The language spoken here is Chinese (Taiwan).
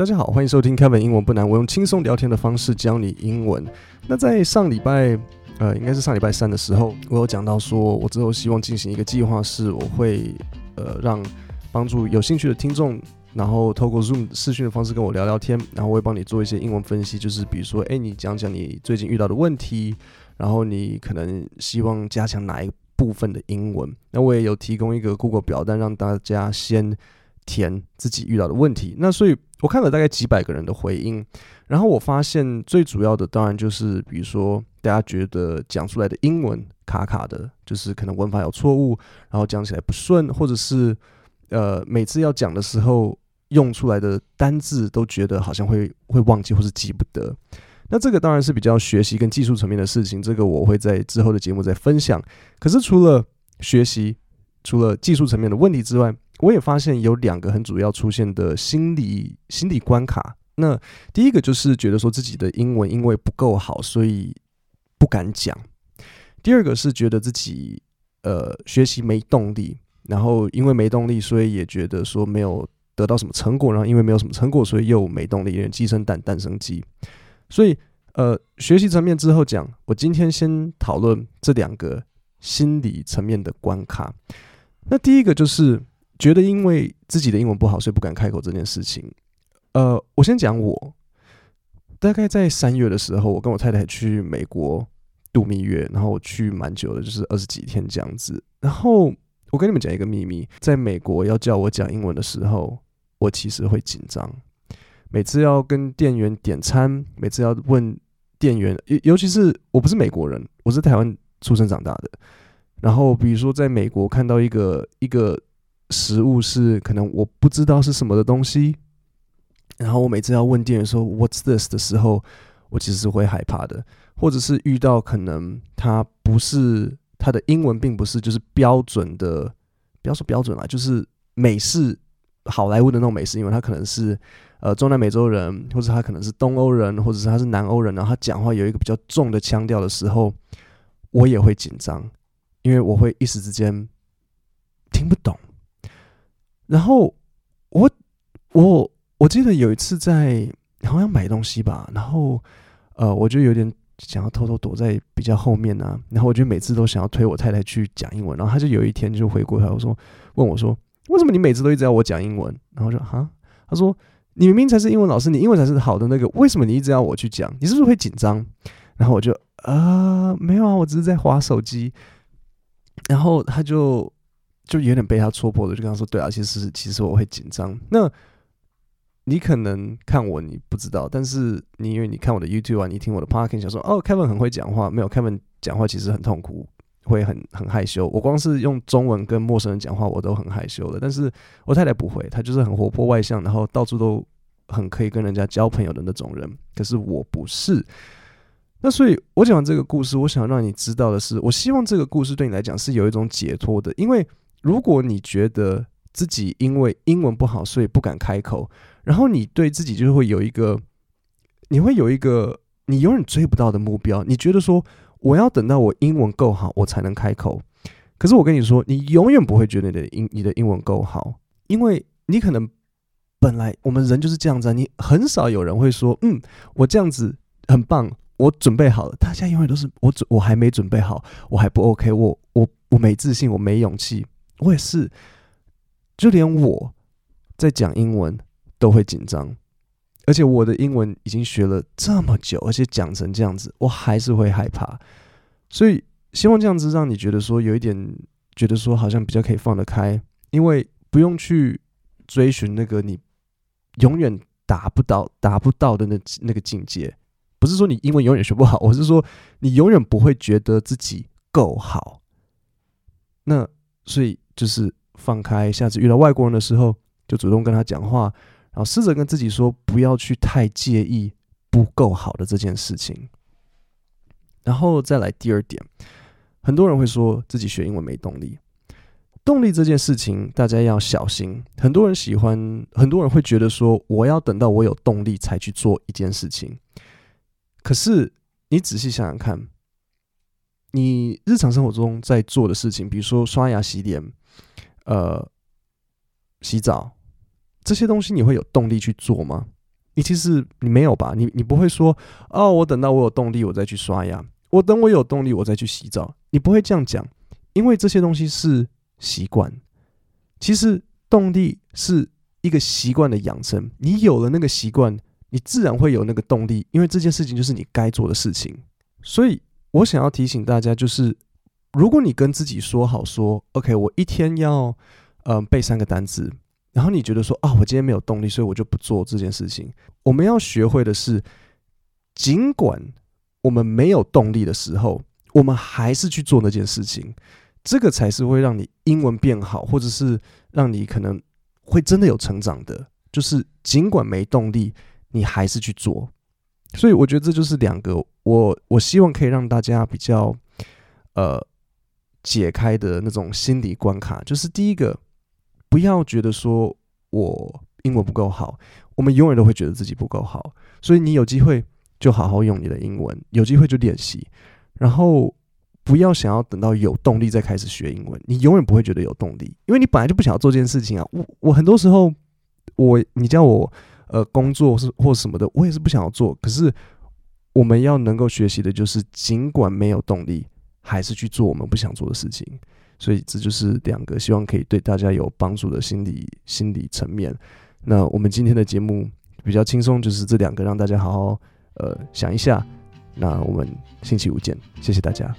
大家好，歡迎收聽 Kevin 英文不難。我用輕鬆聊天的方式教你英文。那在上禮拜，呃，應該是上禮拜三的時候，我有講到說，我之後希望進行一個計劃，是我會呃讓幫助有興趣的聽眾，然後透過 Zoom 視訊的方式跟我聊聊天，然後我會幫你做一些英文分析，就是比如說，哎，你講講你最近遇到的問題，然後你可能希望加強哪一部分的英文。那我也有提供一個 Google 表單讓大家先填自己遇到的問題。那所以。我看了大概幾百個人的回應，然後我發現最主要的當然就是，比如說大家覺得講出來的英文卡卡的，就是可能文法有錯誤，然後講起來不順，或者是呃每次要講的時候用出來的單字都覺得好像會會忘記或是記不得。那這個當然是比較學習跟技術層面的事情，這個我會在之後的節目再分享。可是除了學習，除了技術層面的問題之外，我也發現有兩個很主要出現的心理心理關卡。那第一個就是覺得說自己的英文因為不夠好，所以不敢講；第二個是覺得自己呃學習沒動力，然後因為沒動力，所以也覺得說沒有得到什麼成果，然後因為沒有什麼成果，所以又沒動力，有點雞生蛋蛋生雞。所以呃，學習層面之後講，我今天先討論這兩個心理層面的關卡。那第一個就是。覺得因為自己的英文不好，所以不敢開口這件事情。呃，我先講我，大概在三月的時候，我跟我太太去美國度蜜月，然後去蠻久的，就是二十幾天這樣子。然後我跟你們講一個秘密，在美國要叫我講英文的時候，我其實會緊張。每次要跟店員點餐，每次要問店員，尤尤其是我不是美國人，我是台灣出生長大的。然後比如說在美國看到一個一個。食物是可能我不知道是什麼的東西，然後我每次要問店員說 “What's this” 的時候，我其實是會害怕的，或者是遇到可能他不是他的英文並不是就是標準的，不要說標準啦，就是美式好萊塢的那種美式英文，他可能是呃中南美洲人，或者他可能是東歐人，或者是他是南歐人，然後他講話有一個比較重的腔調的時候，我也會緊張，因為我會一時之間聽不懂。然後我我我記得有一次在好像買東西吧，然後呃，我就有點想要偷偷躲在比較後面啊。然後我就每次都想要推我太太去講英文，然後她就有一天就回過頭我說問我說為什麼你每次都一直要我講英文？然後我就她說哈她說你明明才是英文老師，你英文才是好的那個，為什麼你一直要我去講？你是不是會緊張？然後我就啊，呃，沒有啊，我只是在滑手機。然後她就。就有點被他戳破了，就跟他說：“對啊，其實其實我會緊張。那，你可能看我你不知道，但是你因為你看我的 YouTube 啊，你聽我的 Parking，想說哦，Kevin 很會講話。沒有，Kevin 講話其實很痛苦，會很很害羞。我光是用中文跟陌生人講話，我都很害羞的。但是我太太不會，她就是很活潑外向，然後到處都很可以跟人家交朋友的那種人。可是我不是。那所以，我講完這個故事，我想讓你知道的是，我希望這個故事對你來講是有一種解脫的，因為。如果你覺得自己因為英文不好，所以不敢開口，然後你對自己就會有一個，你會有一個你永遠追不到的目標。你覺得說我要等到我英文夠好，我才能開口。可是我跟你說，你永遠不會覺得你的英你的英文夠好，因為你可能本來我們人就是這樣子啊，你很少有人會說，嗯，我這樣子很棒，我準備好了。大家永遠都是我準我還沒準備好，我還不 OK，我我我沒自信，我沒勇氣。我也是，就連我在講英文都會緊張，而且我的英文已經學了這麼久，而且講成這樣子，我還是會害怕。所以希望這樣子讓你覺得說有一點覺得說好像比較可以放得開，因為不用去追尋那個你永遠達不到、達不到的那那個境界。不是說你英文永遠學不好，我是說你永遠不會覺得自己夠好。那所以。就是放開，下次遇到外國人的時候，就主動跟他講話，然後試着跟自己說，不要去太介意不夠好的這件事情。然後再來第二點，很多人會說自己學英文沒動力，動力這件事情大家要小心。很多人喜歡，很多人會覺得說，我要等到我有動力才去做一件事情。可是你仔細想想看，你日常生活中在做的事情，比如說刷牙、洗臉。呃，洗澡這些東西，你會有動力去做嗎？你其實你沒有吧？你你不會說，哦，我等到我有動力，我再去刷牙；我等我有動力，我再去洗澡。你不會這樣講，因為這些東西是習慣。其實，動力是一個習慣的養成。你有了那個習慣，你自然會有那個動力，因為這件事情就是你該做的事情。所以我想要提醒大家，就是，如果你跟自己說好說，OK，我一天要，嗯、呃，背三個單詞，然後你覺得說啊，我今天沒有動力，所以我就不做這件事情。我們要學會的是，儘管我們沒有動力的時候，我們還是去做那件事情，這個才是會讓你英文變好，或者是讓你可能會真的有成長的。就是儘管沒動力，你還是去做。所以我覺得這就是兩個，我，我希望可以讓大家比較，呃。解開的那種心理關卡，就是第一個，不要覺得說我英文不夠好，我們永遠都會覺得自己不夠好，所以你有機會就好好用你的英文，有機會就練習，然後不要想要等到有動力再開始學英文，你永遠不會覺得有動力，因為你本來就不想要做這件事情啊。我我很多時候，我你叫我呃工作是或什麼的，我也是不想要做，可是我們要能夠學習的就是，儘管沒有動力。還是去做我們不想做的事情，所以這就是兩個希望可以對大家有幫助的心理心理層面。那我們今天的節目比較輕鬆，就是這兩個，讓大家好好呃想一下。那我們星期五見，謝謝大家。